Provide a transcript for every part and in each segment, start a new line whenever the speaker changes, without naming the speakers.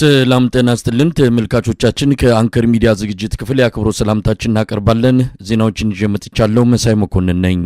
ሰላም ጤና ስትልን ተመልካቾቻችን፣ ከአንከር ሚዲያ ዝግጅት ክፍል የአክብሮ ሰላምታችን እናቀርባለን። ዜናዎችን ይዤ መጥቻለሁ። መሳይ መኮንን ነኝ።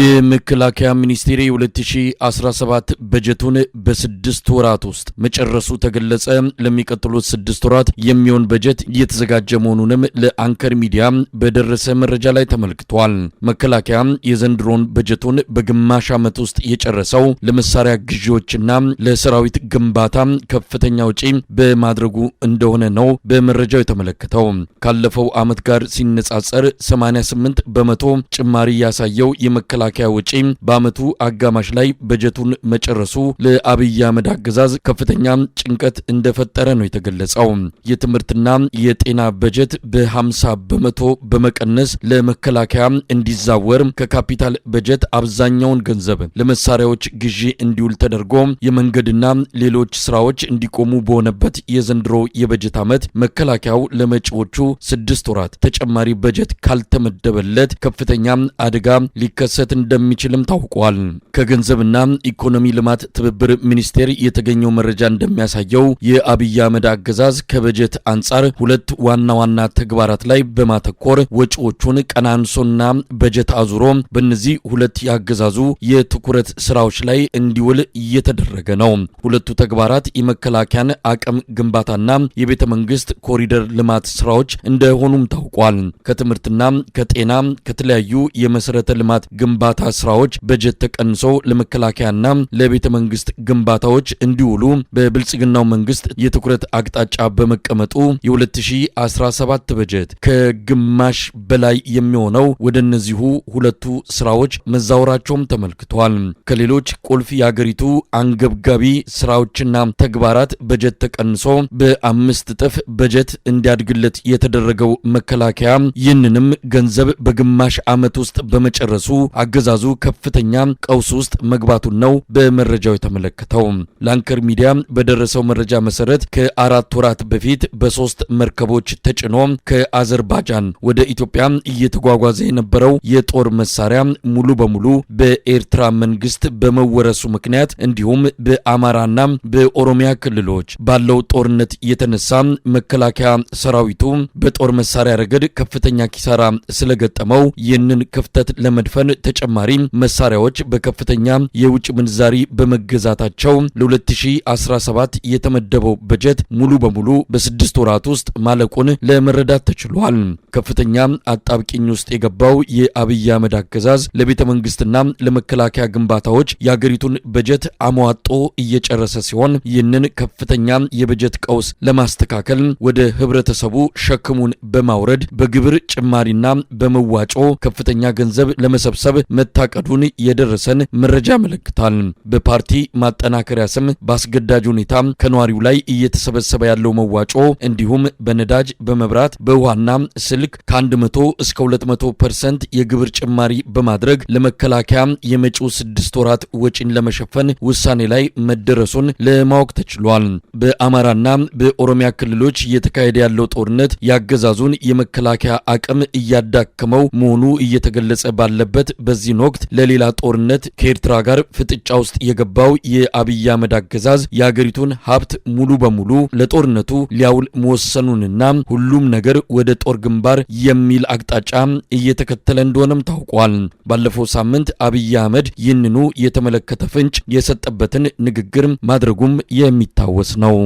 የመከላከያ ሚኒስቴር የ2017 በጀቱን በስድስት ወራት ውስጥ መጨረሱ ተገለጸ። ለሚቀጥሉት ስድስት ወራት የሚሆን በጀት እየተዘጋጀ መሆኑንም ለአንከር ሚዲያ በደረሰ መረጃ ላይ ተመልክቷል። መከላከያ የዘንድሮን በጀቱን በግማሽ ዓመት ውስጥ የጨረሰው ለመሳሪያ ግዢዎችና ለሰራዊት ግንባታ ከፍተኛ ውጪ በማድረጉ እንደሆነ ነው በመረጃው የተመለከተው። ካለፈው ዓመት ጋር ሲነጻጸር 88 በመቶ ጭማሪ ያሳየው የመከላ መከላከያ ውጪ በአመቱ አጋማሽ ላይ በጀቱን መጨረሱ ለአብይ አህመድ አገዛዝ ከፍተኛ ጭንቀት እንደፈጠረ ነው የተገለጸው። የትምህርትና የጤና በጀት በ50 በመቶ በመቀነስ ለመከላከያ እንዲዛወር ከካፒታል በጀት አብዛኛውን ገንዘብ ለመሳሪያዎች ግዢ እንዲውል ተደርጎ የመንገድና ሌሎች ስራዎች እንዲቆሙ በሆነበት የዘንድሮ የበጀት ዓመት መከላከያው ለመጪዎቹ ስድስት ወራት ተጨማሪ በጀት ካልተመደበለት ከፍተኛ አደጋ ሊከሰት እንደሚችልም ታውቋል። ከገንዘብና ኢኮኖሚ ልማት ትብብር ሚኒስቴር የተገኘው መረጃ እንደሚያሳየው የአብይ አህመድ አገዛዝ ከበጀት አንጻር ሁለት ዋና ዋና ተግባራት ላይ በማተኮር ወጪዎቹን ቀናንሶና በጀት አዙሮ በእነዚህ ሁለት ያገዛዙ የትኩረት ስራዎች ላይ እንዲውል እየተደረገ ነው። ሁለቱ ተግባራት የመከላከያን አቅም ግንባታና የቤተ መንግስት ኮሪደር ልማት ስራዎች እንደሆኑም ታውቋል። ከትምህርትና ከጤና ከተለያዩ የመሰረተ ልማት ግንባ ግንባታ ስራዎች በጀት ተቀንሶ ለመከላከያና ለቤተ መንግስት ግንባታዎች እንዲውሉ በብልጽግናው መንግስት የትኩረት አቅጣጫ በመቀመጡ የ2017 በጀት ከግማሽ በላይ የሚሆነው ወደ እነዚሁ ሁለቱ ስራዎች መዛወራቸውም ተመልክቷል። ከሌሎች ቁልፍ የአገሪቱ አንገብጋቢ ስራዎችና ተግባራት በጀት ተቀንሶ በአምስት እጥፍ በጀት እንዲያድግለት የተደረገው መከላከያ ይህንንም ገንዘብ በግማሽ ዓመት ውስጥ በመጨረሱ አገዛዙ ከፍተኛ ቀውስ ውስጥ መግባቱን ነው በመረጃው የተመለከተው። ላንከር ሚዲያ በደረሰው መረጃ መሰረት ከአራት ወራት በፊት በሶስት መርከቦች ተጭኖ ከአዘርባጃን ወደ ኢትዮጵያ እየተጓጓዘ የነበረው የጦር መሳሪያ ሙሉ በሙሉ በኤርትራ መንግስት በመወረሱ ምክንያት እንዲሁም በአማራና በኦሮሚያ ክልሎች ባለው ጦርነት የተነሳ መከላከያ ሰራዊቱ በጦር መሳሪያ ረገድ ከፍተኛ ኪሳራ ስለገጠመው ይህንን ክፍተት ለመድፈን በተጨማሪ መሳሪያዎች በከፍተኛ የውጭ ምንዛሪ በመገዛታቸው ለ2017 የተመደበው በጀት ሙሉ በሙሉ በስድስት ወራት ውስጥ ማለቁን ለመረዳት ተችሏል። ከፍተኛ አጣብቂኝ ውስጥ የገባው የአብይ አህመድ አገዛዝ ለቤተ መንግስትና ለመከላከያ ግንባታዎች የአገሪቱን በጀት አሟጦ እየጨረሰ ሲሆን ይህንን ከፍተኛ የበጀት ቀውስ ለማስተካከል ወደ ህብረተሰቡ ሸክሙን በማውረድ በግብር ጭማሪና በመዋጮ ከፍተኛ ገንዘብ ለመሰብሰብ መታቀዱን የደረሰን መረጃ ያመለክታል። በፓርቲ ማጠናከሪያ ስም በአስገዳጅ ሁኔታ ከነዋሪው ላይ እየተሰበሰበ ያለው መዋጮ እንዲሁም በነዳጅ በመብራት በውሃና ስልክ ከ100 እስከ 200 ፐርሰንት የግብር ጭማሪ በማድረግ ለመከላከያ የመጪው ስድስት ወራት ወጪን ለመሸፈን ውሳኔ ላይ መደረሱን ለማወቅ ተችሏል። በአማራና በኦሮሚያ ክልሎች እየተካሄደ ያለው ጦርነት ያገዛዙን የመከላከያ አቅም እያዳከመው መሆኑ እየተገለጸ ባለበት በ በዚህን ወቅት ለሌላ ጦርነት ከኤርትራ ጋር ፍጥጫ ውስጥ የገባው የአብይ አህመድ አገዛዝ የአገሪቱን ሀብት ሙሉ በሙሉ ለጦርነቱ ሊያውል መወሰኑንና ሁሉም ነገር ወደ ጦር ግንባር የሚል አቅጣጫ እየተከተለ እንደሆነም ታውቋል። ባለፈው ሳምንት አብይ አህመድ ይህንኑ የተመለከተ ፍንጭ የሰጠበትን ንግግር ማድረጉም የሚታወስ ነው።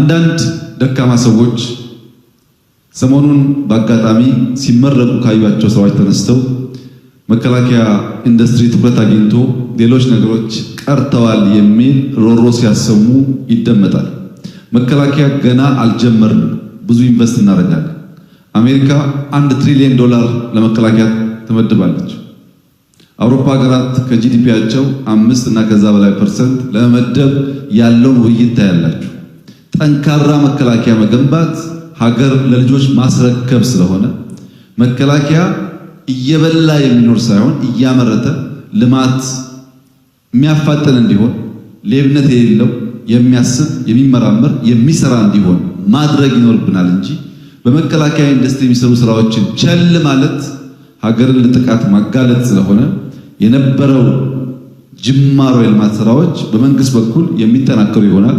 አንዳንድ ደካማ ሰዎች ሰሞኑን በአጋጣሚ ሲመረቁ ካዩቸው ሰዎች ተነስተው መከላከያ ኢንዱስትሪ ትኩረት አግኝቶ ሌሎች ነገሮች ቀርተዋል የሚል ሮሮ ሲያሰሙ ይደመጣል። መከላከያ ገና አልጀመርንም፣ ብዙ ኢንቨስት እናደርጋለን። አሜሪካ አንድ ትሪሊየን ዶላር ለመከላከያ ትመድባለች። አውሮፓ ሀገራት ከጂዲፒያቸው አምስት እና ከዛ በላይ ፐርሰንት ለመመደብ ያለውን ውይይት ታያላችሁ። ጠንካራ መከላከያ መገንባት ሀገር ለልጆች ማስረከብ ስለሆነ መከላከያ እየበላ የሚኖር ሳይሆን እያመረተ ልማት የሚያፋጥን እንዲሆን ሌብነት የሌለው የሚያስብ የሚመራመር የሚሰራ እንዲሆን ማድረግ ይኖርብናል እንጂ በመከላከያ ኢንዱስትሪ የሚሰሩ ስራዎችን ቸል ማለት ሀገርን ለጥቃት ማጋለጥ ስለሆነ የነበረው ጅማሮ የልማት ስራዎች በመንግስት በኩል የሚጠናከሩ ይሆናል።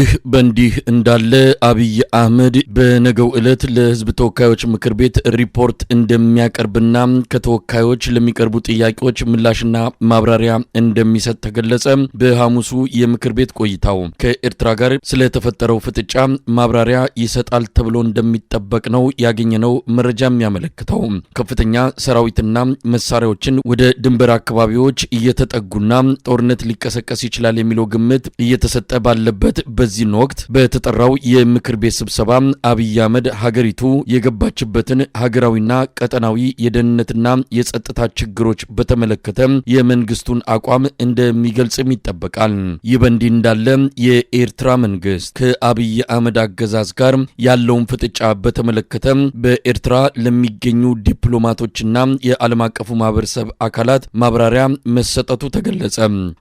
ይህ በእንዲህ እንዳለ አብይ አህመድ በነገው ዕለት ለህዝብ ተወካዮች ምክር ቤት ሪፖርት እንደሚያቀርብና ከተወካዮች ለሚቀርቡ ጥያቄዎች ምላሽና ማብራሪያ እንደሚሰጥ ተገለጸ። በሐሙሱ የምክር ቤት ቆይታው ከኤርትራ ጋር ስለተፈጠረው ፍጥጫ ማብራሪያ ይሰጣል ተብሎ እንደሚጠበቅ ነው ያገኘነው መረጃ የሚያመለክተው። ከፍተኛ ሰራዊትና መሳሪያዎችን ወደ ድንበር አካባቢዎች እየተጠጉና ጦርነት ሊቀሰቀስ ይችላል የሚለው ግምት እየተሰጠ ባለበት በዚህን ወቅት በተጠራው የምክር ቤት ስብሰባ አብይ አህመድ ሀገሪቱ የገባችበትን ሀገራዊና ቀጠናዊ የደህንነትና የጸጥታ ችግሮች በተመለከተ የመንግስቱን አቋም እንደሚገልጽም ይጠበቃል። ይህ በእንዲህ እንዳለ የኤርትራ መንግስት ከአብይ አህመድ አገዛዝ ጋር ያለውን ፍጥጫ በተመለከተ በኤርትራ ለሚገኙ ዲፕሎማቶችና የዓለም አቀፉ ማህበረሰብ አካላት ማብራሪያ መሰጠቱ ተገለጸ።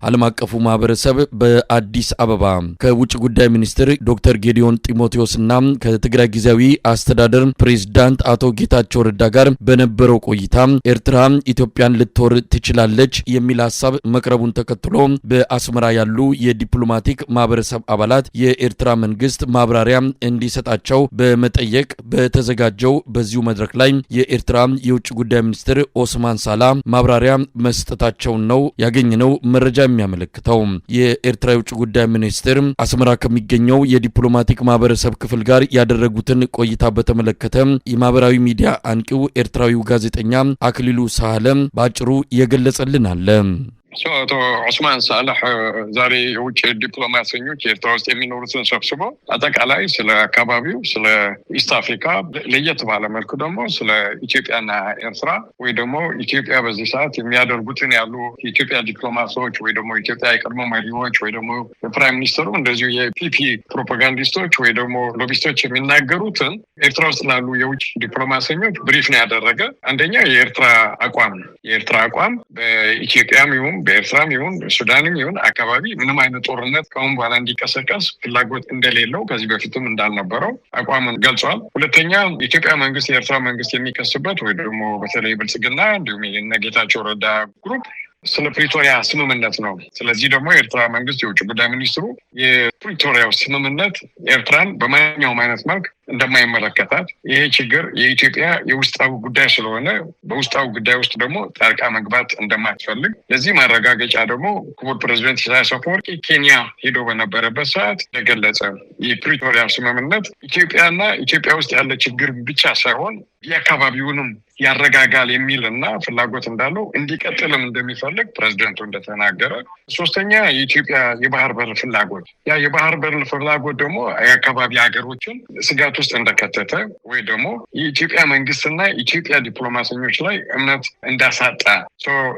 ዓለም አቀፉ ማህበረሰብ በአዲስ አበባ ከውጭ ጉዳይ ሚኒስትር ዶክተር ጌዲዮን ጢሞቴዎስና ከትግራይ ጊዜያዊ አስተዳደር ፕሬዝዳንት አቶ ጌታቸው ረዳ ጋር በነበረው ቆይታ ኤርትራ ኢትዮጵያን ልትወር ትችላለች የሚል ሀሳብ መቅረቡን ተከትሎ በአስመራ ያሉ የዲፕሎማቲክ ማህበረሰብ አባላት የኤርትራ መንግስት ማብራሪያ እንዲሰጣቸው በመጠየቅ በተዘጋጀው በዚሁ መድረክ ላይ የኤርትራ የውጭ ጉዳይ ሚኒስትር ኦስማን ሳላ ማብራሪያ መስጠታቸውን ነው ያገኘነው መረጃ የሚያመለክተው። የኤርትራ የውጭ ጉዳይ ሚኒስትር አስመራ ከሚገኘው የዲፕሎማቲክ ማህበረሰብ ክፍል ጋር ያደረጉትን ቆይታ በተመለከተ የማህበራዊ ሚዲያ አንቂው ኤርትራዊው ጋዜጠኛ አክሊሉ ሳህለ በአጭሩ የገለጸልን አለ። ሰው አቶ
ዑስማን ሳላሕ ዛሬ የውጭ ዲፕሎማሰኞች ኤርትራ ውስጥ የሚኖሩትን ሰብስቦ አጠቃላይ ስለ አካባቢው፣ ስለ ኢስት አፍሪካ ለየት ባለ መልኩ ደግሞ ስለ ኢትዮጵያና ኤርትራ ወይ ደግሞ ኢትዮጵያ በዚህ ሰዓት የሚያደርጉትን ያሉ የኢትዮጵያ ዲፕሎማቶች ወይ ደግሞ ኢትዮጵያ የቀድሞ መሪዎች ወይ ደግሞ የፕራይም ሚኒስትሩ እንደዚሁ የፒፒ ፕሮፓጋንዲስቶች ወይ ደግሞ ሎቢስቶች የሚናገሩትን ኤርትራ ውስጥ ላሉ የውጭ ዲፕሎማሰኞች ብሪፍ ነው ያደረገ። አንደኛ የኤርትራ አቋም የኤርትራ አቋም በኢትዮጵያም ይሁን በኤርትራም ይሁን ሱዳንም ይሁን አካባቢ ምንም አይነት ጦርነት ከአሁን በኋላ እንዲቀሰቀስ ፍላጎት እንደሌለው ከዚህ በፊትም እንዳልነበረው አቋሙን ገልጿል። ሁለተኛ የኢትዮጵያ መንግስት የኤርትራ መንግስት የሚከስበት ወይ ደግሞ በተለይ ብልጽግና እንዲሁም የነ ጌታቸው ረዳ ግሩፕ ስለ ፕሪቶሪያ ስምምነት ነው። ስለዚህ ደግሞ የኤርትራ መንግስት የውጭ ጉዳይ ሚኒስትሩ የፕሪቶሪያው ስምምነት ኤርትራን በማንኛውም አይነት መልክ እንደማይመለከታት ይሄ ችግር የኢትዮጵያ የውስጣዊ ጉዳይ ስለሆነ በውስጣዊ ጉዳይ ውስጥ ደግሞ ጣልቃ መግባት እንደማትፈልግ ለዚህ ማረጋገጫ ደግሞ ክቡር ፕሬዚደንት ኢሳያስ አፈወርቂ ኬንያ ሄዶ በነበረበት ሰዓት የገለጸ የፕሪቶሪያ ስምምነት ኢትዮጵያና ኢትዮጵያ ውስጥ ያለ ችግር ብቻ ሳይሆን የአካባቢውንም ያረጋጋል የሚል እና ፍላጎት እንዳለው እንዲቀጥልም እንደሚፈልግ ፕሬዚደንቱ እንደተናገረ፣ ሶስተኛ የኢትዮጵያ የባህር በር ፍላጎት ያ የባህር በር ፍላጎት ደግሞ የአካባቢ ሀገሮችን ስጋት ውስጥ እንደከተተ ወይ ደግሞ የኢትዮጵያ መንግስትና ኢትዮጵያ ዲፕሎማሰኞች ላይ እምነት እንዳሳጣ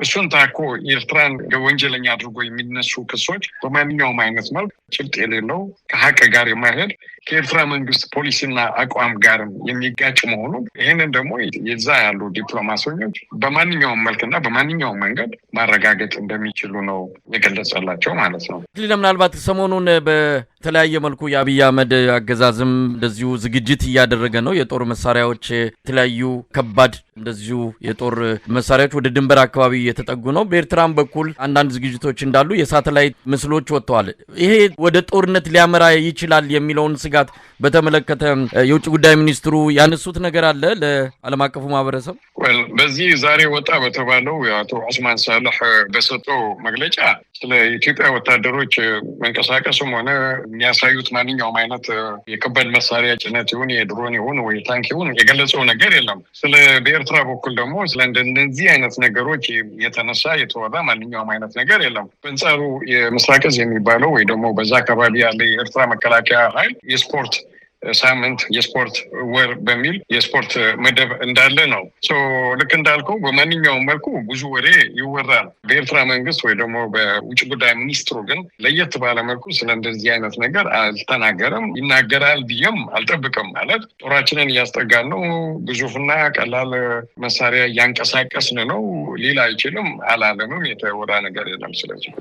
እሱን ታኮ ኤርትራን ወንጀለኛ አድርጎ የሚነሱ ክሶች በማንኛውም አይነት መልክ ጭብጥ የሌለው ከሀቅ ጋር የማይሄድ ከኤርትራ መንግስት ፖሊሲና አቋም ጋርም የሚጋጭ መሆኑ ይህንን ደግሞ የዛ ያሉ ዲፕሎማሰኞች በማንኛውም መልክና በማንኛውም መንገድ ማረጋገጥ እንደሚችሉ ነው የገለጸላቸው ማለት ነው። ሌላ ምናልባት
ሰሞኑን በተለያየ መልኩ የአብይ አህመድ አገዛዝም እንደዚሁ ዝግጅት እያደረገ ነው። የጦር መሳሪያዎች የተለያዩ ከባድ እንደዚሁ የጦር መሳሪያዎች ወደ ድንበር አካባቢ እየተጠጉ ነው። በኤርትራም በኩል አንዳንድ ዝግጅቶች እንዳሉ የሳተላይት ምስሎች ወጥተዋል። ይሄ ወደ ጦርነት ሊያመራ ይችላል የሚለውን ስጋት በተመለከተ የውጭ ጉዳይ ሚኒስትሩ ያነሱት ነገር አለ ለዓለም አቀፉ ማህበረሰብ።
በዚህ ዛሬ ወጣ በተባለው የአቶ ዑስማን ሳልሕ በሰጠው መግለጫ ስለ ኢትዮጵያ ወታደሮች መንቀሳቀስም ሆነ የሚያሳዩት ማንኛውም አይነት የከባድ መሳሪያ ጭነት ይሁን የድሮን ይሁን ወይ ታንክ ይሁን የገለጸው ነገር የለም ስለ በኤርትራ በኩል ደግሞ ስለ እንደነዚህ አይነት ነገሮች የተነሳ የተወራ ማንኛውም አይነት ነገር የለም። በንጻሩ የምስራቅ እዝ የሚባለው ወይ ደግሞ በዛ አካባቢ ያለ የኤርትራ መከላከያ ኃይል የስፖርት ሳምንት የስፖርት ወር በሚል የስፖርት መደብ እንዳለ ነው። ልክ እንዳልከው በማንኛውም መልኩ ብዙ ወሬ ይወራል። በኤርትራ መንግስት ወይ ደግሞ በውጭ ጉዳይ ሚኒስትሩ ግን ለየት ባለ መልኩ ስለ እንደዚህ አይነት ነገር አልተናገረም። ይናገራል ብዬም አልጠብቅም። ማለት ጦራችንን እያስጠጋን ነው፣ ግዙፍና ቀላል መሳሪያ እያንቀሳቀስን ነው፣ ሌላ አይችልም አላለምም። የተወራ ነገር የለም ስለዚህ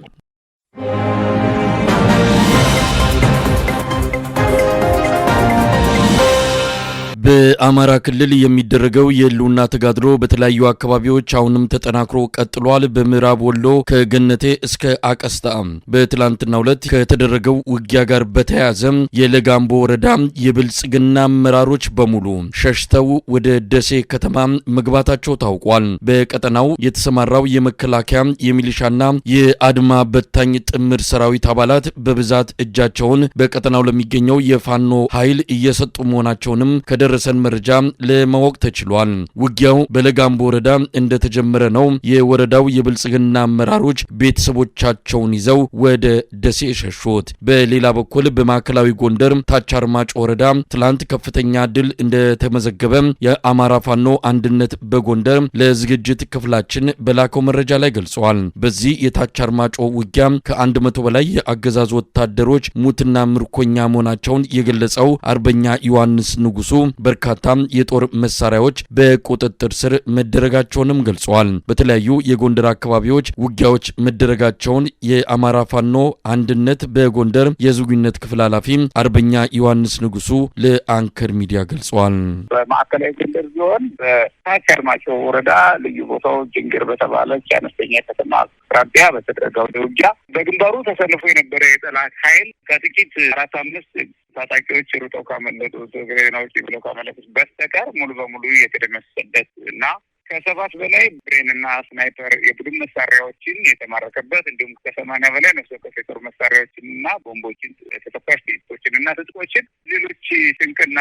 በአማራ ክልል የሚደረገው የህልውና ተጋድሎ በተለያዩ አካባቢዎች አሁንም ተጠናክሮ ቀጥሏል። በምዕራብ ወሎ ከገነቴ እስከ አቀስታ በትላንትናው ዕለት ከተደረገው ውጊያ ጋር በተያያዘ የለጋምቦ ወረዳ የብልጽግና አመራሮች በሙሉ ሸሽተው ወደ ደሴ ከተማ መግባታቸው ታውቋል። በቀጠናው የተሰማራው የመከላከያ የሚሊሻና የአድማ በታኝ ጥምር ሰራዊት አባላት በብዛት እጃቸውን በቀጠናው ለሚገኘው የፋኖ ኃይል እየሰጡ መሆናቸውንም ከደረሰ በደረሰን መረጃ ለማወቅ ተችሏል። ውጊያው በለጋምቦ ወረዳ እንደተጀመረ ነው የወረዳው የብልጽግና አመራሮች ቤተሰቦቻቸውን ይዘው ወደ ደሴ ሸሹት። በሌላ በኩል በማዕከላዊ ጎንደር ታች አርማጭ ወረዳ ትላንት ከፍተኛ ድል እንደተመዘገበ የአማራ ፋኖ አንድነት በጎንደር ለዝግጅት ክፍላችን በላከው መረጃ ላይ ገልጸዋል። በዚህ የታች አርማጮ ውጊያ ከአንድ መቶ በላይ የአገዛዝ ወታደሮች ሙትና ምርኮኛ መሆናቸውን የገለጸው አርበኛ ዮሐንስ ንጉሱ በርካታ የጦር መሳሪያዎች በቁጥጥር ስር መደረጋቸውንም ገልጸዋል። በተለያዩ የጎንደር አካባቢዎች ውጊያዎች መደረጋቸውን የአማራ ፋኖ አንድነት በጎንደር የዙጉነት ክፍል ኃላፊ አርበኛ ዮሐንስ ንጉሱ ለአንከር ሚዲያ ገልጸዋል።
በማዕከላዊ ጎንደር ቢሆን በከርማቸው ወረዳ ልዩ ቦታው ጅንግር በተባለች አነስተኛ ከተማ አቅራቢያ በተደረገው ውጊያ በግንባሩ ተሰልፎ የነበረ የጠላት ኃይል ከጥቂት አራት አምስት ታጣቂዎች ሩጠው ካመለጡት ትግሬ ብለው ካመለጡት በስተቀር ሙሉ በሙሉ የተደመሰሰበት እና ከሰባት በላይ ብሬንና ስናይፐር የቡድን መሳሪያዎችን የተማረከበት እንዲሁም ከሰማኒያ በላይ ነፍስ ወከፍ የጦር መሳሪያዎችንና ቦምቦችን፣ ተተኳሽ ጥይቶችን እና ትጥቆችን ሌሎች ስንቅና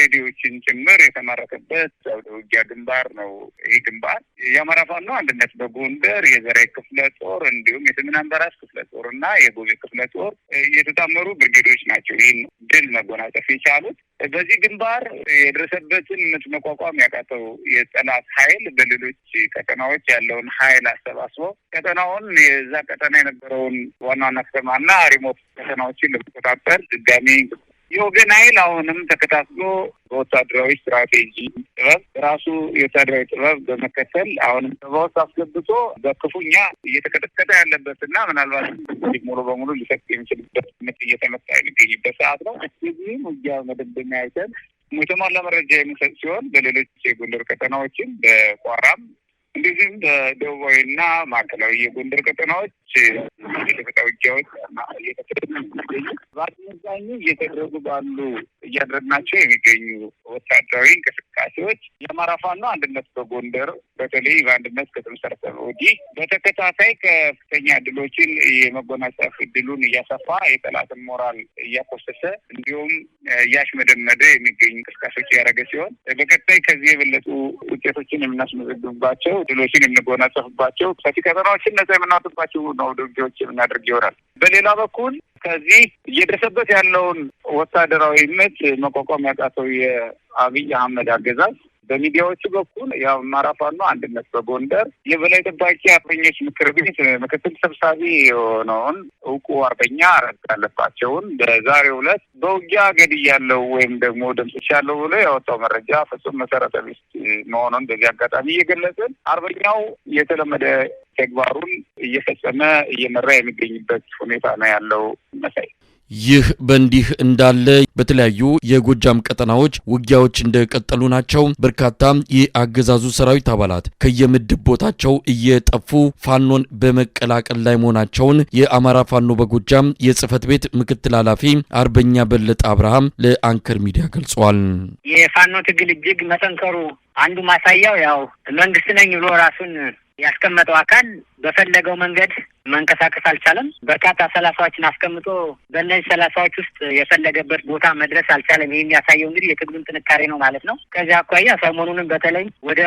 ሬዲዮችን ጭምር የተማረከበት አውደ ውጊያ ግንባር ነው። ይህ ግንባር የአማራ ፋኖ አንድነት በጎንደር የዘራይ ክፍለ ጦር እንዲሁም የሰሜን አንበራስ ክፍለ ጦር እና የጎቤ ክፍለ ጦር የተጣመሩ ብርጌዶች ናቸው ይህን ድል መጎናጸፍ የቻሉት። በዚህ ግንባር የደረሰበትን ምት መቋቋም ያቃተው የጠላት ኃይል በሌሎች ቀጠናዎች ያለውን ኃይል አሰባስቦ ቀጠናውን የዛ ቀጠና የነበረውን ዋና ዋና ከተማና ሪሞት ቀጠናዎችን ለመቆጣጠር ድጋሚ የወገን ኃይል አሁንም ተከታትሎ በወታደራዊ ስትራቴጂ ጥበብ ራሱ የወታደራዊ ጥበብ በመከተል አሁንም በውስጥ አስገብቶ በክፉኛ እየተቀጠቀጠ ያለበት እና ምናልባት ሙሉ በሙሉ ሊሰጥ የሚችልበት ምት እየተመጣ የሚገኝበት ሰዓት ነው። እዚህም ውጊያ መደምደሚያ አይተን የተሟላ መረጃ የሚሰጥ ሲሆን በሌሎች የጎንደር ቀጠናዎችን በቋራም እንደዚሁም በደቡባዊና ማዕከላዊ የጎንደር ቀጠናዎች የተፈጣ ውጊያዎች በአመዛኙ እየተደረጉ ባሉ እያደረግናቸው የሚገኙ ወታደራዊ እንቅስቃሴዎች የአማራ ፋኖ አንድነት በጎንደር በተለይ በአንድነት ከተመሰረተ ወዲህ በተከታታይ ከፍተኛ ድሎችን የመጎናጸፍ ድሉን እያሰፋ የጠላትን ሞራል እያኮሰሰ እንዲሁም እያሽመደመደ የሚገኙ እንቅስቃሴዎች እያደረገ ሲሆን በቀጣይ ከዚህ የበለጡ ውጤቶችን የምናስመዘግብባቸው ድሎችን የምንጎናጸፍባቸው ሰፊ ከተማዎችን ነጻ የምናወጥባቸው ነው ድርጊዎች የምናደርግ ይሆናል። በሌላ በኩል ከዚህ እየደረሰበት ያለውን ወታደራዊ ምት መቋቋም ያቃተው የአብይ አህመድ አገዛዝ በሚዲያዎቹ በኩል ያው አማራ ፋኖ አንድነት በጎንደር የበላይ ጠባቂ አርበኞች ምክር ቤት ምክትል ሰብሳቢ የሆነውን እውቁ አርበኛ ረጋለባቸውን በዛሬ በዛሬው ዕለት በውጊያ ገድያለሁ ወይም ደግሞ ደምስሻለሁ ብሎ ያወጣው መረጃ ፍጹም መሰረተ ቢስ መሆኑን በዚህ አጋጣሚ እየገለጽን አርበኛው የተለመደ ተግባሩን እየፈጸመ እየመራ የሚገኝበት ሁኔታ ነው ያለው መሳይ ይህ
በእንዲህ እንዳለ በተለያዩ የጎጃም ቀጠናዎች ውጊያዎች እንደቀጠሉ ናቸው። በርካታ የአገዛዙ ሰራዊት አባላት ከየምድብ ቦታቸው እየጠፉ ፋኖን በመቀላቀል ላይ መሆናቸውን የአማራ ፋኖ በጎጃም የጽህፈት ቤት ምክትል ኃላፊ አርበኛ በለጠ አብርሃም ለአንከር ሚዲያ ገልጿል። የፋኖ
ትግል እጅግ መጠንከሩ አንዱ ማሳያው ያው መንግስት ነኝ ብሎ ራሱን ያስቀመጠው አካል በፈለገው መንገድ መንቀሳቀስ አልቻለም። በርካታ ሰላሳዎችን አስቀምጦ በእነዚህ ሰላሳዎች ውስጥ የፈለገበት ቦታ መድረስ አልቻለም። ይህ የሚያሳየው እንግዲህ የትግሉን ጥንካሬ ነው ማለት ነው። ከዚህ አኳያ ሰሞኑንም በተለይ ወደ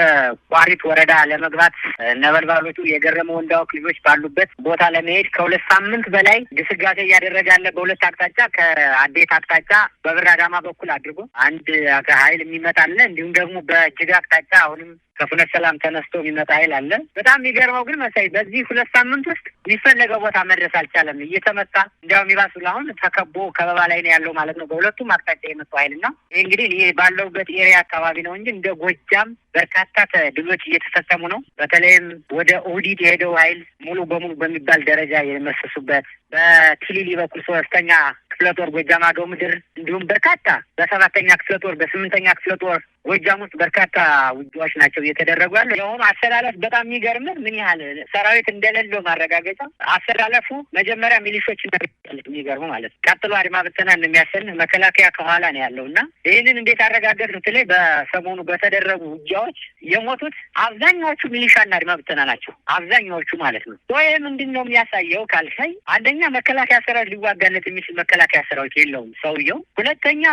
ቋሪት ወረዳ ለመግባት ነበልባሎቹ የገረመ ወንዳውክ ልጆች ባሉበት ቦታ ለመሄድ ከሁለት ሳምንት በላይ ግስጋሴ እያደረገ ያለ በሁለት አቅጣጫ ከአዴት አቅጣጫ በብር አዳማ በኩል አድርጎ አንድ ኃይል የሚመጣለ እንዲሁም ደግሞ በእጅግ አቅጣጫ አሁንም ከፍነት ሰላም ተነስቶ የሚመጣ ኃይል አለ። በጣም የሚገርመው ግን መሳይ በዚህ ሁለት ሳምንት ውስጥ የሚፈለገው ቦታ መድረስ አልቻለም። እየተመጣ እንዲያውም ይባስ ብሎ አሁን ተከቦ ከበባ ላይ ነው ያለው ማለት ነው። በሁለቱም አቅጣጫ የመጡ ኃይል ነው። ይህ እንግዲህ ይህ ባለውበት ኤሪያ አካባቢ ነው እንጂ እንደ ጎጃም በርካታ ድሎች እየተፈጸሙ ነው። በተለይም ወደ ኦህዲድ የሄደው ኃይል ሙሉ በሙሉ በሚባል ደረጃ የመሰሱበት በቲሊሊ በኩል ሶስተኛ ክፍለ ጦር ጎጃም አገው ምድር እንዲሁም በርካታ በሰባተኛ ክፍለ ጦር በስምንተኛ ክፍለ ጦር ጎጃም ውስጥ በርካታ ውጊያዎች ናቸው እየተደረጉ ያለ የሆኑ አሰላለፍ በጣም የሚገርም ምን ያህል ሰራዊት እንደሌለው ማረጋገጫ አሰላለፉ መጀመሪያ ሚሊሾች የሚገርሙ ማለት ነው። ቀጥሎ አድማ ብተና እንደሚያሰል መከላከያ ከኋላ ነው ያለው እና ይህንን እንዴት አረጋገጥ በተለይ በሰሞኑ በተደረጉ ውጊያዎች የሞቱት አብዛኛዎቹ ሚሊሻና አድማ ብተና ናቸው። አብዛኛዎቹ ማለት ነው። ይሄ ምንድን ነው የሚያሳየው ካልሳይ አንደኛ መከላከያ ሰራዊት ሊዋጋነት የሚችል መከላከያ ሰራዊት የለውም ሰውየው። ሁለተኛ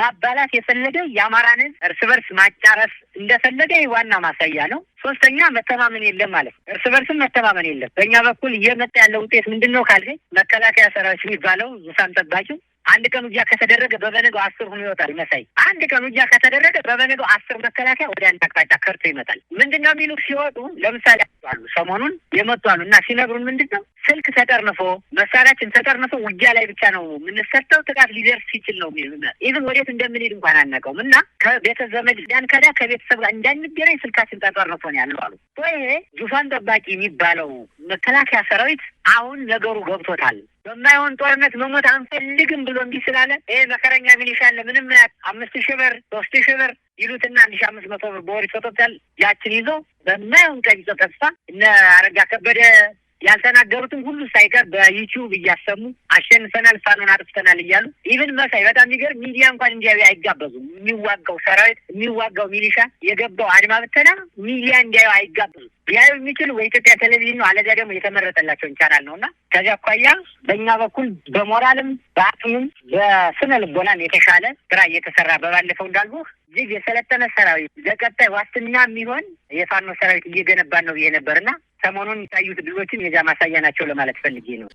ማባላት የፈለገ የአማራንን እርስ እርስ በርስ ማጫረስ እንደፈለገ ዋና ማሳያ ነው። ሶስተኛ መተማመን የለም ማለት ነው። እርስ በርስም መተማመን የለም። በእኛ በኩል እየመጣ ያለው ውጤት ምንድን ነው ካልከኝ መከላከያ ሰራዊት የሚባለው ዙፋን ጠባቂው አንድ ቀን ውጊያ ከተደረገ በበነገው አስር ሆኖ ይወጣል መሳይ። አንድ ቀን ውጊያ ከተደረገ በበነገው አስር መከላከያ ወደ አንድ አቅጣጫ ከርቶ ይመጣል። ምንድን ነው የሚሉ ሲወጡ ለምሳሌ አሉ ሰሞኑን የመጡ አሉ እና ሲነግሩን ምንድን ነው ስልክ ተጠርንፎ መሳሪያችን ተጠርንፎ ውጊያ ላይ ብቻ ነው የምንሰጠው፣ ጥቃት ሊደርስ ይችል ነው የሚል ኢቭን ወዴት እንደምንሄድ እንኳን አናውቀውም እና ከቤተ ዘመድ ከዳ ከቤተሰብ ጋር እንዳንገናኝ ስልካችን ተጠርንፎ ነው ያለው አሉ። ይሄ ዙፋን ጠባቂ የሚባለው መከላከያ ሰራዊት አሁን ነገሩ ገብቶታል። በማይሆን ጦርነት መሞት አንፈልግም ብሎ እምቢ ስላለ ይህ መከረኛ ሚሊሻ አለ ምንም ያህል አምስት ሺህ ብር ሶስት ሺህ ብር ይሉትና አንድ ሺ አምስት መቶ ብር በወር ይሰጡታል። ያችን ይዞ በማይሆን ቀቢጸ ተስፋ እነ አረጋ ከበደ ያልተናገሩትም ሁሉ ሳይቀር በዩቲዩብ እያሰሙ አሸንፈናል፣ ፋኖን አጥፍተናል እያሉ ኢቭን መሳይ በጣም የሚገርም ሚዲያ እንኳን እንዲያዩ አይጋበዙም። የሚዋጋው ሰራዊት የሚዋጋው ሚሊሻ የገባው አድማ ብተና ሚዲያ እንዲያዩ አይጋበዙም። ሊያዩ የሚችሉ በኢትዮጵያ ቴሌቪዥን ነው፣ አለዚያ ደግሞ የተመረጠላቸውን ቻናል ነው እና ከዚያ አኳያ በእኛ በኩል በሞራልም በአቅምም በስነ ልቦናን የተሻለ ስራ እየተሰራ በባለፈው እንዳልኩህ እጅግ የሰለጠነ ሰራዊት ለቀጣይ ዋስትና የሚሆን የፋኖ ሰራዊት እየገነባን ነው ብዬ ነበርና ሰሞኑን የታዩት ድሎችም የዛ ማሳያ ናቸው ለማለት ፈልጌ ነው።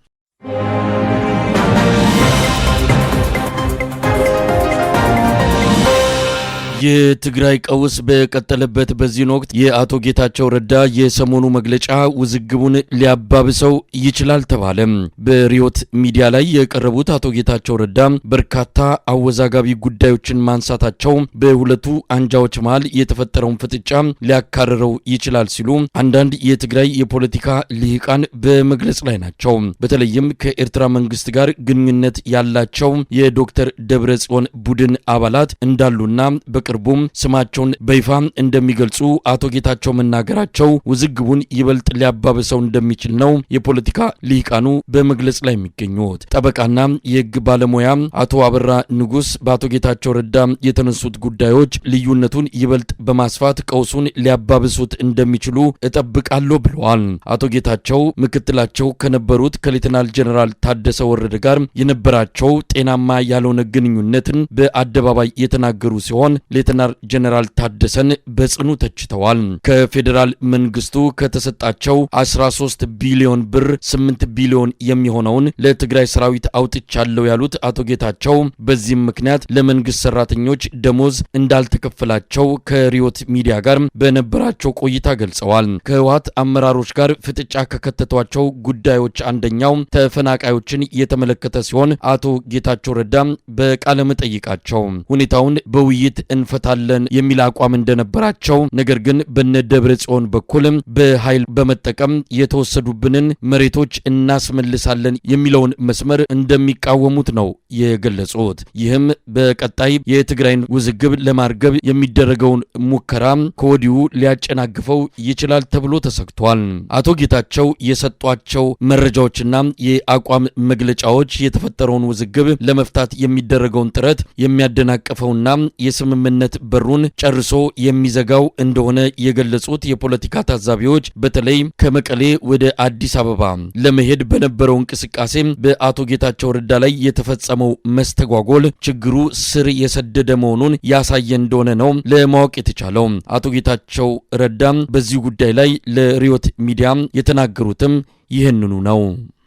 የትግራይ ቀውስ በቀጠለበት በዚህን ወቅት የአቶ ጌታቸው ረዳ የሰሞኑ መግለጫ ውዝግቡን ሊያባብሰው ይችላል ተባለም። በሪዮት ሚዲያ ላይ የቀረቡት አቶ ጌታቸው ረዳ በርካታ አወዛጋቢ ጉዳዮችን ማንሳታቸው በሁለቱ አንጃዎች መሃል የተፈጠረውን ፍጥጫ ሊያካርረው ይችላል ሲሉ አንዳንድ የትግራይ የፖለቲካ ልሂቃን በመግለጽ ላይ ናቸው። በተለይም ከኤርትራ መንግስት ጋር ግንኙነት ያላቸው የዶክተር ደብረ ጽዮን ቡድን አባላት እንዳሉና በቅር በቅርቡም ስማቸውን በይፋ እንደሚገልጹ አቶ ጌታቸው መናገራቸው ውዝግቡን ይበልጥ ሊያባብሰው እንደሚችል ነው የፖለቲካ ሊቃኑ በመግለጽ ላይ የሚገኙት። ጠበቃና የህግ ባለሙያ አቶ አበራ ንጉስ በአቶ ጌታቸው ረዳ የተነሱት ጉዳዮች ልዩነቱን ይበልጥ በማስፋት ቀውሱን ሊያባብሱት እንደሚችሉ እጠብቃለሁ ብለዋል። አቶ ጌታቸው ምክትላቸው ከነበሩት ከሌተናል ጀኔራል ታደሰ ወረደ ጋር የነበራቸው ጤናማ ያልሆነ ግንኙነትን በአደባባይ የተናገሩ ሲሆን ሌተናል ጀነራል ታደሰን በጽኑ ተችተዋል። ከፌዴራል መንግስቱ ከተሰጣቸው 13 ቢሊዮን ብር 8 ቢሊዮን የሚሆነውን ለትግራይ ሰራዊት አውጥቻለሁ ያሉት አቶ ጌታቸው በዚህም ምክንያት ለመንግስት ሰራተኞች ደሞዝ እንዳልተከፈላቸው ከሪዮት ሚዲያ ጋር በነበራቸው ቆይታ ገልጸዋል። ከህወሀት አመራሮች ጋር ፍጥጫ ከከተቷቸው ጉዳዮች አንደኛው ተፈናቃዮችን የተመለከተ ሲሆን አቶ ጌታቸው ረዳ በቃለመጠይቃቸው ሁኔታውን በውይይት እንፈታለን የሚል አቋም እንደነበራቸው፣ ነገር ግን በነ ደብረ ጽዮን በኩልም በኃይል በመጠቀም የተወሰዱብንን መሬቶች እናስመልሳለን የሚለውን መስመር እንደሚቃወሙት ነው የገለጹት። ይህም በቀጣይ የትግራይን ውዝግብ ለማርገብ የሚደረገውን ሙከራ ከወዲሁ ሊያጨናግፈው ይችላል ተብሎ ተሰግቷል። አቶ ጌታቸው የሰጧቸው መረጃዎችና የአቋም መግለጫዎች የተፈጠረውን ውዝግብ ለመፍታት የሚደረገውን ጥረት የሚያደናቅፈውና የስምምነ የስምምነት በሩን ጨርሶ የሚዘጋው እንደሆነ የገለጹት የፖለቲካ ታዛቢዎች በተለይ ከመቀሌ ወደ አዲስ አበባ ለመሄድ በነበረው እንቅስቃሴ በአቶ ጌታቸው ረዳ ላይ የተፈጸመው መስተጓጎል ችግሩ ስር የሰደደ መሆኑን ያሳየ እንደሆነ ነው ለማወቅ የተቻለው። አቶ ጌታቸው ረዳ በዚህ ጉዳይ ላይ ለሪዮት ሚዲያ የተናገሩትም ይህንኑ ነው።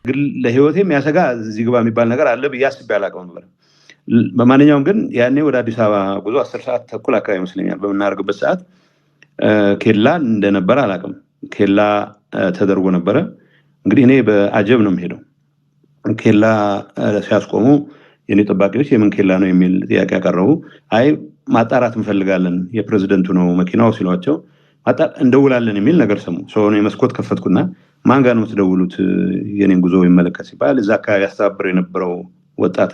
ግን
ለህይወቴ የሚያሰጋ እዚህ ግባ የሚባል ነገር አለ ብዬ አስቤ አላውቅም ነበር። በማንኛውም ግን ያኔ ወደ አዲስ አበባ ጉዞ አስር ሰዓት ተኩል አካባቢ ይመስለኛል በምናደርግበት ሰዓት ኬላ እንደነበረ አላቅም ኬላ ተደርጎ ነበረ። እንግዲህ እኔ በአጀብ ነው የምሄደው። ኬላ ሲያስቆሙ የኔ ጠባቂዎች የምን ኬላ ነው የሚል ጥያቄ ያቀረቡ፣ አይ ማጣራት እንፈልጋለን የፕሬዚደንቱ ነው መኪናው ሲሏቸው እንደውላለን የሚል ነገር ሰሙ። ሰሆነ የመስኮት ከፈትኩና ማንጋ ነው የምትደውሉት የኔን ጉዞ ይመለከት ሲባል እዛ አካባቢ ያስተባብረው የነበረው ወጣት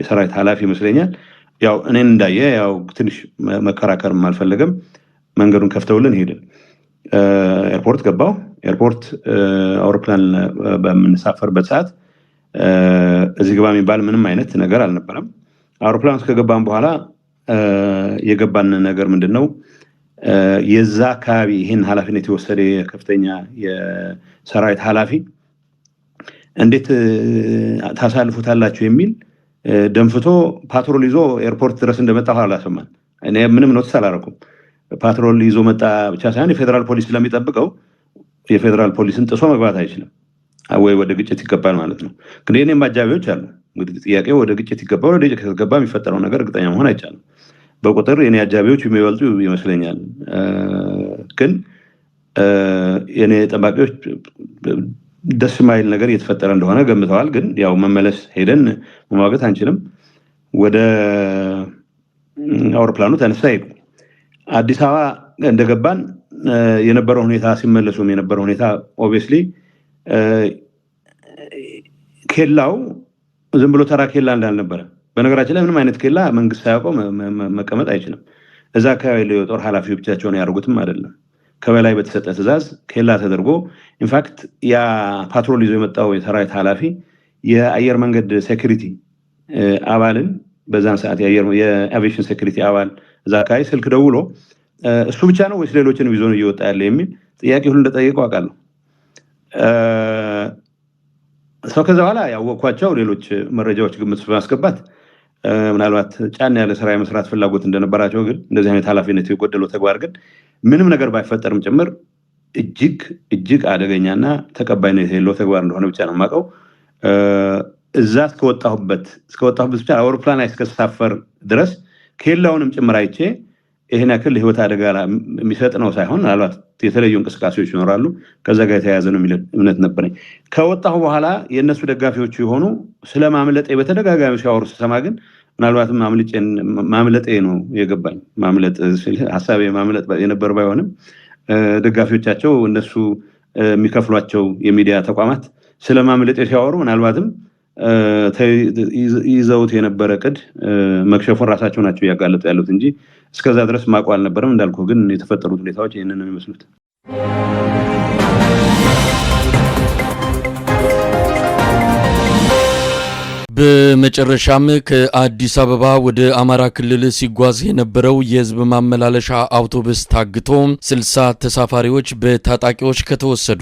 የሰራዊት ኃላፊ ይመስለኛል። ያው እኔን እንዳየ ያው ትንሽ መከራከርም አልፈለገም። መንገዱን ከፍተውልን ሄድን። ኤርፖርት ገባው። ኤርፖርት አውሮፕላን በምንሳፈርበት ሰዓት እዚህ ግባ የሚባል ምንም አይነት ነገር አልነበረም። አውሮፕላን ውስጥ ከገባን በኋላ የገባን ነገር ምንድን ነው? የዛ አካባቢ ይህን ኃላፊነት የወሰደ የከፍተኛ የሰራዊት ኃላፊ እንዴት ታሳልፉታላችሁ የሚል ደንፍቶ ፓትሮል ይዞ ኤርፖርት ድረስ እንደመጣ አላሰማን። እኔ ምንም ኖትስ አላረኩም። ፓትሮል ይዞ መጣ ብቻ ሳይሆን የፌዴራል ፖሊስ ስለሚጠብቀው የፌዴራል ፖሊስን ጥሶ መግባት አይችልም፣ ወይ ወደ ግጭት ይገባል ማለት ነው። ግን የእኔም አጃቢዎች አሉ። እንግዲህ ጥያቄ ወደ ግጭት ይገባል፣ ወደ ግጭት ከተገባ የሚፈጠረው ነገር እርግጠኛ መሆን አይቻልም። በቁጥር የኔ አጃቢዎች የሚበልጡ ይመስለኛል። ግን የኔ ጠባቂዎች ደስ የማይል ነገር እየተፈጠረ እንደሆነ ገምተዋል። ግን ያው መመለስ ሄደን መሟገት አንችልም። ወደ አውሮፕላኑ ተነሳ ሄዱ። አዲስ አበባ እንደገባን የነበረው ሁኔታ ሲመለሱም የነበረው ሁኔታ ኦብቪየስሊ ኬላው ዝም ብሎ ተራ ኬላ እንዳልነበረ በነገራችን ላይ ምንም አይነት ኬላ መንግስት ሳያውቀው መቀመጥ አይችልም። እዛ አካባቢ የጦር ኃላፊዎች ብቻቸውን ያደርጉትም አይደለም። ከበላይ በተሰጠ ትእዛዝ ኬላ ተደርጎ ኢንፋክት ያ ፓትሮል ይዞ የመጣው የሰራዊት ኃላፊ የአየር መንገድ ሴኩሪቲ አባልን በዛን ሰዓት የአቪዬሽን ሴኩሪቲ አባል እዛ አካባቢ ስልክ ደውሎ እሱ ብቻ ነው ወይስ ሌሎችን ይዞ ነው እየወጣ ያለ የሚል ጥያቄ ሁሉ እንደጠየቀው አውቃለሁ። ሰው ከዛ በኋላ ያወቅኳቸው ሌሎች መረጃዎች ግምት በማስገባት ምናልባት ጫን ያለ ስራ የመስራት ፍላጎት እንደነበራቸው ግን እንደዚህ አይነት ኃላፊነት የጎደለው ተግባር ግን ምንም ነገር ባይፈጠርም ጭምር እጅግ እጅግ አደገኛና ተቀባይነት የሌለው ተግባር እንደሆነ ብቻ ነው የማውቀው። እዛ እስከወጣሁበት እስከወጣሁበት ብቻ አውሮፕላን ላይ ድረስ ኬላውንም ጭምር አይቼ ይህን ያክል ህይወት አደጋ የሚሰጥ ነው ሳይሆን ምናልባት የተለዩ እንቅስቃሴዎች ይኖራሉ ከዛ ጋር የተያያዘ ነው የሚል እምነት ነበረኝ። ከወጣሁ በኋላ የእነሱ ደጋፊዎች የሆኑ ስለ ማምለጤ በተደጋጋሚ ሲያወሩ ስሰማ ግን ምናልባትም ማምለጤ ነው የገባኝ። ማምለጥ ሀሳቤ ማምለጥ የነበር ባይሆንም ደጋፊዎቻቸው እነሱ የሚከፍሏቸው የሚዲያ ተቋማት ስለ ማምለጤ ሲያወሩ ምናልባትም ይዘውት የነበረ ቅድ መክሸፉን ራሳቸው ናቸው እያጋለጡ ያሉት እንጂ እስከዛ ድረስ ማቆ አልነበረም። እንዳልኩ ግን የተፈጠሩት ሁኔታዎች ይህንን ነው የሚመስሉት።
በመጨረሻም ከአዲስ አበባ ወደ አማራ ክልል ሲጓዝ የነበረው የህዝብ ማመላለሻ አውቶቡስ ታግቶ 60 ተሳፋሪዎች በታጣቂዎች ከተወሰዱ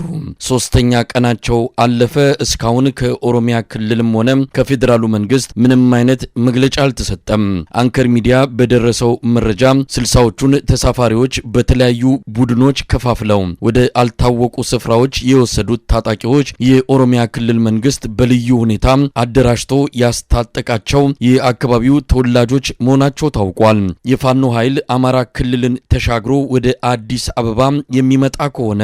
ሶስተኛ ቀናቸው አለፈ። እስካሁን ከኦሮሚያ ክልልም ሆነ ከፌዴራሉ መንግስት ምንም አይነት መግለጫ አልተሰጠም። አንከር ሚዲያ በደረሰው መረጃ ስልሳዎቹን ተሳፋሪዎች በተለያዩ ቡድኖች ከፋፍለው ወደ አልታወቁ ስፍራዎች የወሰዱት ታጣቂዎች የኦሮሚያ ክልል መንግስት በልዩ ሁኔታ አደራጅቶ ያስታጠቃቸው የአካባቢው ተወላጆች መሆናቸው ታውቋል። የፋኖ ኃይል አማራ ክልልን ተሻግሮ ወደ አዲስ አበባ የሚመጣ ከሆነ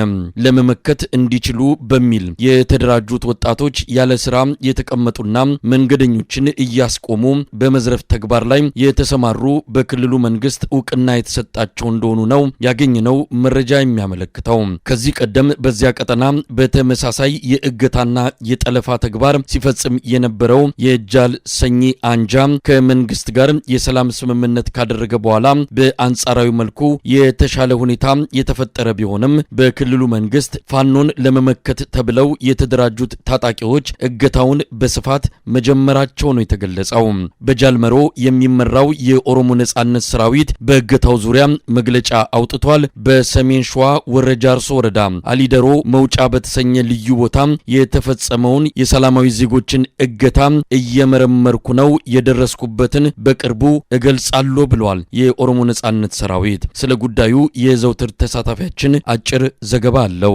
ለመመከት እንዲችሉ በሚል የተደራጁት ወጣቶች ያለ ስራ የተቀመጡና መንገደኞችን እያስቆሙ በመዝረፍ ተግባር ላይ የተሰማሩ በክልሉ መንግስት እውቅና የተሰጣቸው እንደሆኑ ነው ያገኘነው መረጃ የሚያመለክተው። ከዚህ ቀደም በዚያ ቀጠና በተመሳሳይ የእገታና የጠለፋ ተግባር ሲፈጽም የነበረው የጃል ሰኚ አንጃ ከመንግስት ጋር የሰላም ስምምነት ካደረገ በኋላ በአንጻራዊ መልኩ የተሻለ ሁኔታ የተፈጠረ ቢሆንም በክልሉ መንግስት ፋኖን ለመመከት ተብለው የተደራጁት ታጣቂዎች እገታውን በስፋት መጀመራቸው ነው የተገለጸው። በጃልመሮ የሚመራው የኦሮሞ ነጻነት ሰራዊት በእገታው ዙሪያ መግለጫ አውጥቷል። በሰሜን ሸዋ አርሶ ወረዳ አሊደሮ መውጫ በተሰኘ ልዩ ቦታ የተፈጸመውን የሰላማዊ ዜጎችን እገታ እየመረመርኩ ነው፣ የደረስኩበትን በቅርቡ እገልጻለሁ ብለዋል የኦሮሞ ነጻነት ሰራዊት። ስለ ጉዳዩ የዘውትር ተሳታፊያችን አጭር ዘገባ አለው።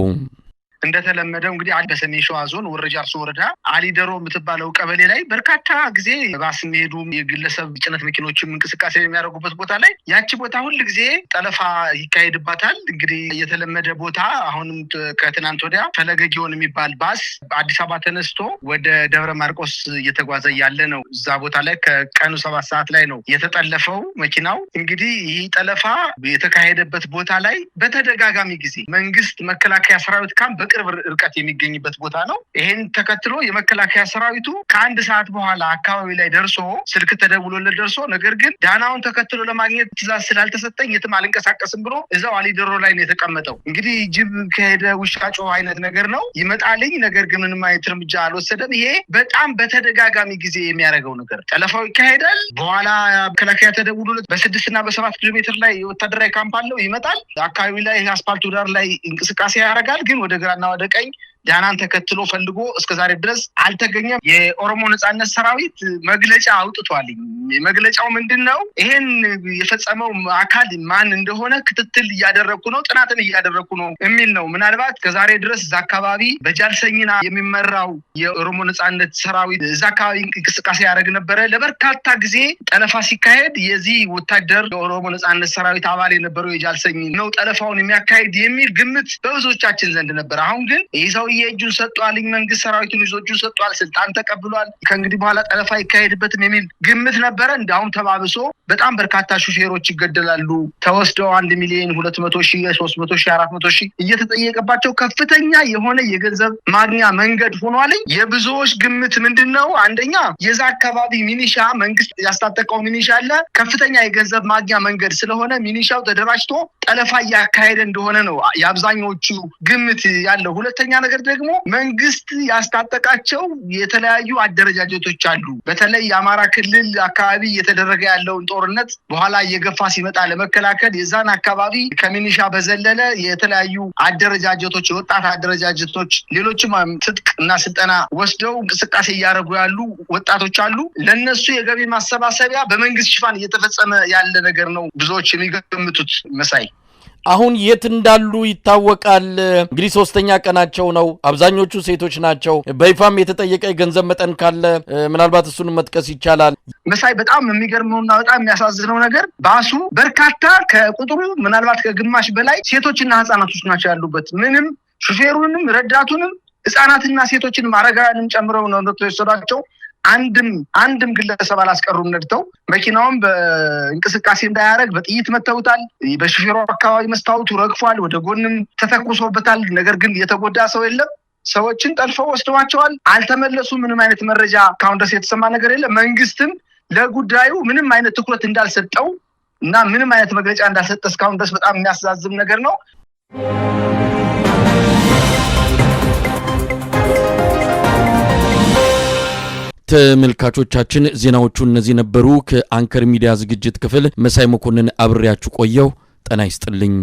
እንደተለመደው እንግዲህ በሰሜን ሸዋ ዞን ወረጃ አርሶ ወረዳ አሊደሮ የምትባለው ቀበሌ ላይ በርካታ ጊዜ ባስ የሚሄዱም የግለሰብ ጭነት መኪኖችም እንቅስቃሴ የሚያደርጉበት ቦታ ላይ ያቺ ቦታ ሁል ጊዜ ጠለፋ ይካሄድባታል። እንግዲህ የተለመደ ቦታ አሁንም ከትናንት ወዲያ ፈለገ ጊዮን የሚባል ባስ አዲስ አበባ ተነስቶ ወደ ደብረ ማርቆስ እየተጓዘ ያለ ነው። እዛ ቦታ ላይ ከቀኑ ሰባት ሰዓት ላይ ነው የተጠለፈው መኪናው። እንግዲህ ይህ ጠለፋ የተካሄደበት ቦታ ላይ በተደጋጋሚ ጊዜ መንግስት መከላከያ ሰራዊት ካምፕ በቅርብ ርቀት የሚገኝበት ቦታ ነው። ይህን ተከትሎ የመከላከያ ሰራዊቱ ከአንድ ሰዓት በኋላ አካባቢ ላይ ደርሶ ስልክ ተደውሎለት ደርሶ ነገር ግን ዳናውን ተከትሎ ለማግኘት ትዛዝ ስላልተሰጠኝ የትም አልንቀሳቀስም ብሎ እዛው አሊደሮ ላይ ነው የተቀመጠው። እንግዲህ ጅብ ከሄደ ውሻ ጮኸ አይነት ነገር ነው ይመጣልኝ። ነገር ግን ምንም አይነት እርምጃ አልወሰደም። ይሄ በጣም በተደጋጋሚ ጊዜ የሚያደርገው ነገር ጠለፋው ይካሄዳል። በኋላ መከላከያ ተደውሎለት በስድስት እና በሰባት ኪሎ ሜትር ላይ ወታደራዊ ካምፕ አለው ይመጣል። አካባቢ ላይ አስፓልቱ ዳር ላይ እንቅስቃሴ ያደርጋል። ግን ወደ ግራ ወደ ቀኝ ዳናን ተከትሎ ፈልጎ እስከዛሬ ድረስ አልተገኘም። የኦሮሞ ነጻነት ሰራዊት መግለጫ አውጥቷልኝ። መግለጫው ምንድን ነው? ይሄን የፈጸመው አካል ማን እንደሆነ ክትትል እያደረግኩ ነው፣ ጥናትን እያደረግኩ ነው የሚል ነው። ምናልባት ከዛሬ ድረስ እዛ አካባቢ በጃልሰኝና የሚመራው የኦሮሞ ነጻነት ሰራዊት እዛ አካባቢ እንቅስቃሴ ያደረግ ነበረ። ለበርካታ ጊዜ ጠለፋ ሲካሄድ የዚህ ወታደር የኦሮሞ ነጻነት ሰራዊት አባል የነበረው የጃልሰኝ ነው ጠለፋውን የሚያካሄድ የሚል ግምት በብዙዎቻችን ዘንድ ነበር። አሁን ግን ይህ ሰው ሰውዬ እጁን ሰጥቷል። መንግስት ሰራዊቱን ይዞ እጁን ሰጥቷል። ስልጣን ተቀብሏል። ከእንግዲህ በኋላ ጠለፋ አይካሄድበትም የሚል ግምት ነበረ። እንዲሁም ተባብሶ በጣም በርካታ ሹፌሮች ይገደላሉ። ተወስደው አንድ ሚሊዮን ሁለት መቶ ሺህ ሶስት መቶ ሺ አራት መቶ ሺ እየተጠየቀባቸው ከፍተኛ የሆነ የገንዘብ ማግኛ መንገድ ሆኗል። የብዙዎች ግምት ምንድን ነው? አንደኛ የዛ አካባቢ ሚኒሻ መንግስት ያስታጠቀው ሚኒሻ አለ። ከፍተኛ የገንዘብ ማግኛ መንገድ ስለሆነ ሚኒሻው ተደራጅቶ ጠለፋ እያካሄደ እንደሆነ ነው የአብዛኞቹ ግምት ያለው። ሁለተኛ ነገር ደግሞ መንግስት ያስታጠቃቸው የተለያዩ አደረጃጀቶች አሉ። በተለይ የአማራ ክልል አካባቢ እየተደረገ ያለውን ጦርነት በኋላ እየገፋ ሲመጣ ለመከላከል የዛን አካባቢ ከሚኒሻ በዘለለ የተለያዩ አደረጃጀቶች፣ የወጣት አደረጃጀቶች፣ ሌሎችም ትጥቅ እና ስልጠና ወስደው እንቅስቃሴ እያደረጉ ያሉ ወጣቶች አሉ። ለነሱ የገቢ ማሰባሰቢያ በመንግስት ሽፋን እየተፈጸመ ያለ ነገር ነው ብዙዎች የሚገምቱት መሳይ
አሁን የት እንዳሉ ይታወቃል። እንግዲህ ሶስተኛ ቀናቸው ነው። አብዛኞቹ ሴቶች ናቸው። በይፋም የተጠየቀ የገንዘብ መጠን ካለ ምናልባት እሱን መጥቀስ ይቻላል።
መሳይ፣ በጣም የሚገርመውና በጣም የሚያሳዝነው ነገር ባሱ በርካታ ከቁጥሩ ምናልባት ከግማሽ በላይ ሴቶችና ህጻናቶች ናቸው ያሉበት ምንም ሹፌሩንም ረዳቱንም ህጻናትና ሴቶችን አረጋውያንም ጨምረው ነው እንደተወሰዷቸው አንድም አንድም ግለሰብ አላስቀሩም። ነድተው መኪናውን በእንቅስቃሴ እንዳያደርግ በጥይት መተውታል። በሹፌሩ አካባቢ መስታወቱ ረግፏል፣ ወደ ጎንም ተተኩሶበታል። ነገር ግን የተጎዳ ሰው የለም። ሰዎችን ጠልፈው ወስደዋቸዋል። አልተመለሱ። ምንም አይነት መረጃ እስካሁን ድረስ የተሰማ ነገር የለም። መንግስትም ለጉዳዩ ምንም አይነት ትኩረት እንዳልሰጠው እና ምንም አይነት መግለጫ እንዳልሰጠ እስካሁን ድረስ በጣም የሚያስዛዝም ነገር ነው።
ተመልካቾቻችን ዜናዎቹ እነዚህ ነበሩ። ከአንከር ሚዲያ ዝግጅት ክፍል መሳይ መኮንን አብሬያችሁ ቆየው። ጤና ይስጥልኝ።